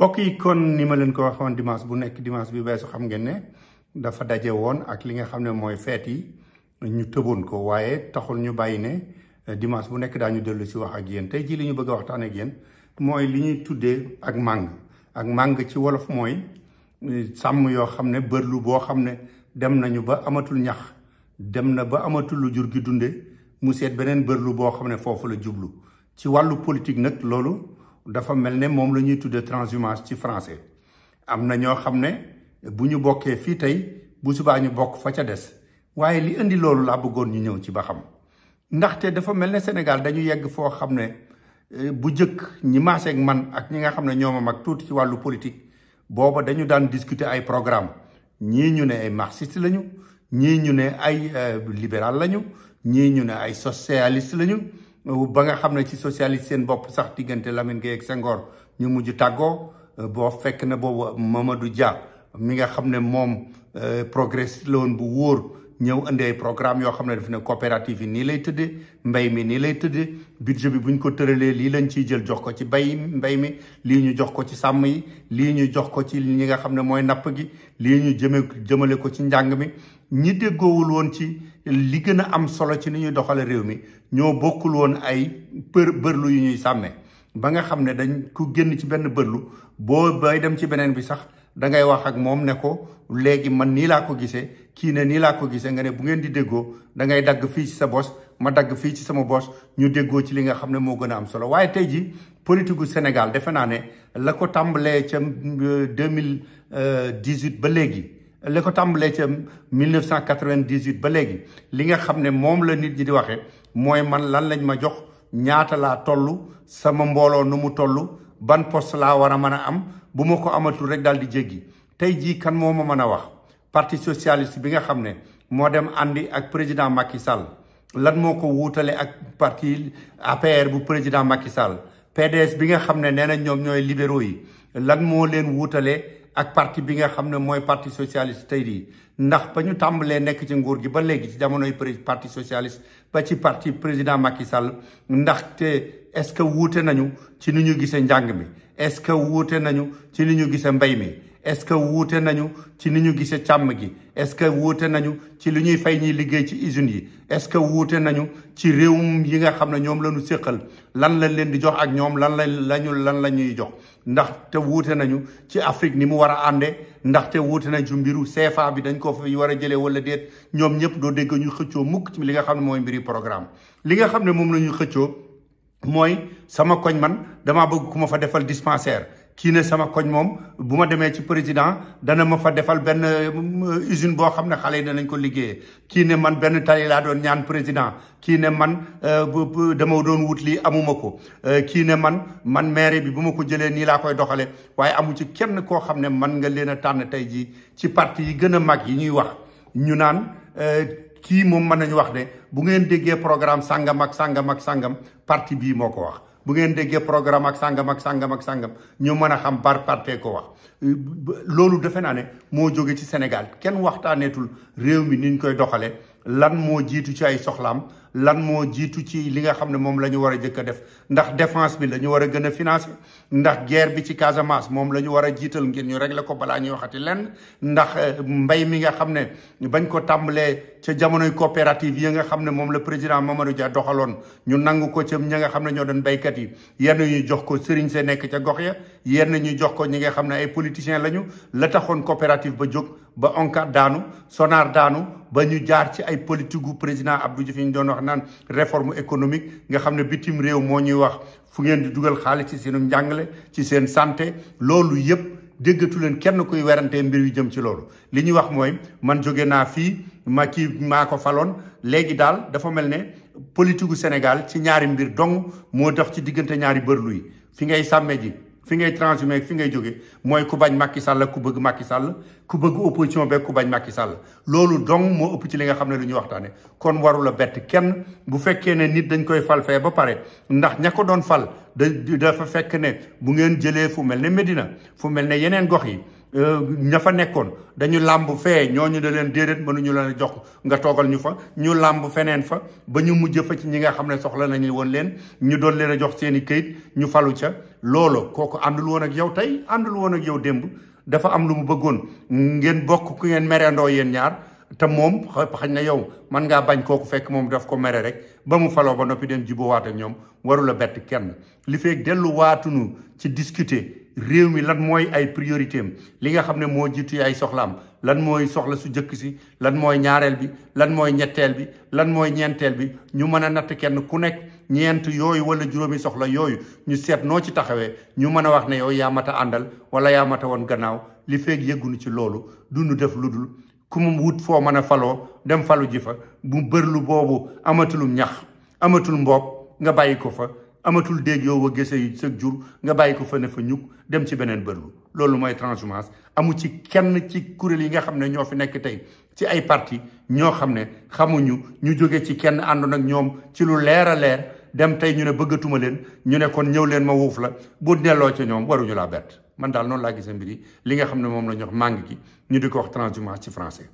mbokk kon ni ma leen ko waxoon dimanche bu nekk dimanche bi weesu xam ngeen ne dafa daje woon ak li nga xam ne mooy feet yi ñu tëboon ko waaye taxul ñu bàyyi ne eh, dimanche bu nekk daañu dellu si wax ak yéen tey jii li ñu bëgg a waxtaan ak yéen mooy li ñuy tuddee ak màng ak màng ci wolof mooy eh, sàmm yoo dem nañu ba amatul ñax dem na ba amatul lu jur gi dunde mu seet berlu bërlu boo xam ne la jublu ci wàllu politique nag loolu dafa mel ne moom la ñuy transhumance ci français am na ñoo xam ne bu ñu bokkee fii tey bu subaa ñu bokk fa ca des waaye li indi loolu laa bëggoon ñu ñëw ci Sénégal dañu yegg ne eh, bu ñi man ne mag tuuti ci politique booba dañu daan discuter ay programme ñii ñu ne ay marxiste lañu ne ay eh, libéral lañu ne ay ba nga xam ne ci socialiste seen bopp sax diggante Lamine tago ak Senghor ñu mujj tàggoo boo fekk na boobu Mamadou Dia mi nga bu ñëw indi ay programme yoo xam ne daf ne coopérative yi nii lay tëddee mbay mi nii lay tëdde budget bi buñ ko tëralee lii lañ ciy jël jox ko ci bay mbay mi lii ñu jox ko ci sàmm yi lii ñu jox ko ci ñi nga xam ne mooy napp gi lii ñu jëme jëmale ko ci njàng mi ñi déggoowul woon ci li gën a am solo ci ni ñuy doxale réew mi ñoo bokkul woon ay për bërlu yu ñuy sàmmee ba nga xam ne dañ ku génn ci benn bërlu boo bay dem ci beneen bi sax dangay wax ak moom ne ko léegi man nii laa ko gisee kii ne nii laa ko gisee nga ne bu ngeen di déggoo dangay dagg fii ci sa bos ma dagg fii ci sama bos ñu déggoo ci li nga xam ne moo gën a am solo waaye tey jii politique gu Sénégal defe naa ne la ko tàmbalee ca euh, deux mille euh, dix-huit ba léegi. la ko tàmbalee ca 1998 ba léegi li nga xam ne moom la nit ñi di waxee mooy man lan lañ ma jox ñaata laa toll sama mbooloo nu mu toll ban poste laa war a mën a am bu ma ko amatul rek daal di jéggi tey jii kan moo ma mën a wax parti socialiste bi nga xam ne moo dem àndi ak président Macky Sall lan moo ko wuutale ak parti APR bu président Macky Sall PDS bi nga xam ne nee na ñoom ñooy libéro yi lan moo leen wuutale ak parti bi nga xam ne mooy parti socialiste tey jii ndax ba ñu tàmbalee nekk ci nguur gi ba léegi ci jamonoy parti socialiste ba ci parti président Macky Sall te est-ce que wuute nañu ci ni ñu gisee njàng mi est-ce que wuute nañu ci ni ñu gisee mbay mi. est-ce que wuute nañu ci ni ñu gisee càmm gi est-ce que wuute nañu ci li ñuy fay ñiy liggéey ci usines yi est-ce que wuute nañu ci réew yi nga xam ne ñoom la ñu séqal lan lañ leen di jox ak ñoom lan lañ lañu lan la ñuy jox ndaxte wuute nañu ci Afrique ni mu war a ànde ndaxte wuute nañ ci mbiru CFA bi dañ koo fi war a jëlee wala déet ñoom ñëpp doo dégg ñu xëccoo mukk ci li nga xam ne mooy mbiri programme li nga xam ne moom la ñuy xëccoo mooy sama koñ man dama bëgg ku ma fa defal dispensaire kii ne sama koñ moom bu ma demee ci président dana ma fa defal benn euh, usine boo xam ne xale yi danañ ko liggéeyee kii ne man benn tali laa doon ñaan président kii ne man euh, dama doon wut lii amuma ko euh, kii ne man man maire bi bu ma ko jëlee nii laa koy doxale waaye amu ci kenn koo xam ne man nga leen a tànn tey jii ci parti yi gën a mag yi ñuy wax ñu naan kii moom mën nañu wax ne bu ngeen déggee programme sàngam ak sàngam ak sàngam parti bii moo ko wax bu ngeen déggee programme ak sàngam ak sàngam ak sàngam ñu mën a xam bar parte ko wax loolu defe naa ne moo jóge ci Sénégal kenn waxtaaneetul réew mi ni ñu koy doxalee lan moo jiitu ci ay soxlaam lan moo jiitu ci li nga xam ne moom la ñu war a jëkk a def ndax défense bi lañu war a gën a financer ndax guerre bi ci Casamance moom la ñu war a jiital ngir ñu régler ko balaa ñuy waxati lenn ndax euh, mbay mi nga xam ne bañ ko tàmbalee ca jamonoy coopérative yi nga xam ne moom la président Mamadou Dia doxaloon ñu nangu ko ca ña nga xam ne ñoo doon béykat yi yenn ñu jox ko sëriñ see nekk ca gox ya yenn ñu jox ko ñi nga xam ne ay politiciens lañu la taxoon coopérative ba jóg ba ONCAD daanu sonar daanu ba ñu jaar ci ay politique gu président Abdou Diouf ñu doon wax naan réforme économique nga xam ne bitim réew moo ñuy wax fu ngeen di dugal xaalis ci seenum njàngale ci seen santé loolu yëpp déggatu leen kenn kuy werante mbir yu jëm ci loolu li ñuy wax mooy man jóge naa fii ma kii maako faloon léegi daal dafa mel ne politique gu Sénégal ci ñaari mbir dong moo dox ci diggante ñaari bërlu yi fi ngay sàmme ji fi ngay transhumé fi ngay jóge mooy ku bañ Macky Sall ku bëgg Macky Sall ku bëgg opposition beeg ku bañ Macky Sall loolu dong moo ëpp ci li nga xam ne lu ñuy waxtaane kon waru la bett kenn bu fekkee ne nit dañ koy fal fee ba pare ndax ña ko doon fal da dafa fekk ne bu ngeen jëlee fu mel ne Médina fu mel ne yeneen gox yi Euh, ña fa nekkoon dañu làmb fee ñu da leen déedéet mënuñu leen a jox nga toogal ñu fa ñu làmb feneen fa ba ñu mujj fa ci ñi nga xam ne soxla nañu woon leen ñu doon leen a jox seen i këyit ñu falu ca loolu kooku àndul woon ak yow tey àndul woon ak yow démb dafa am lu mu bëggoon ngeen bokk ku ngeen merendoo yéen ñaar te moom xañ na yow man ngaa bañ kooku fekk moom daf ko mere rek ba mu faloo ba noppi dem jubóowaat ak ñoom warula bett kenn li feeg delluwaatunu ci discuter réew mi lan mooy ay priorité am li nga xam ne moo jiitu ay soxlaam lan mooy soxla su jëkk si lan mooy ñaareel bi lan mooy ñetteel bi lan mooy ñeenteel bi ñu mën a natt kenn ku nekk ñeent yooyu wala juróomi soxla yooyu ñu seet noo ci taxawee ñu mën a wax ne yow yaa mat a àndal wala yaa mat woon gannaaw li feeg yëggunu ci loolu du def lu dul ku mu wut foo man a faloo dem falu ji fa bu bërlu boobu amatulum ñax amatul mboog nga bàyyi ko fa amatul déeg yow wa gese jur nga bàyyi ko fa ne fa ñug dem ci beneen bërlu loolu mooy transhumance amu ci kenn ci kuréel yi nga xam ne ñoo fi nekk tey ci ay parti ñoo xam ne xamuñu ñu jóge ci kenn ànd nag ñoom ci lu leer leer dem tey ñu ne bëggatuma leen ñu ne kon ñëw leen ma wuuf la bu delloo ca ñoom waruñu laa bett man daal noonu laa gisee mbir li nga xam ne moom la ñu wax mangue ñu di ko wax transhumance ci français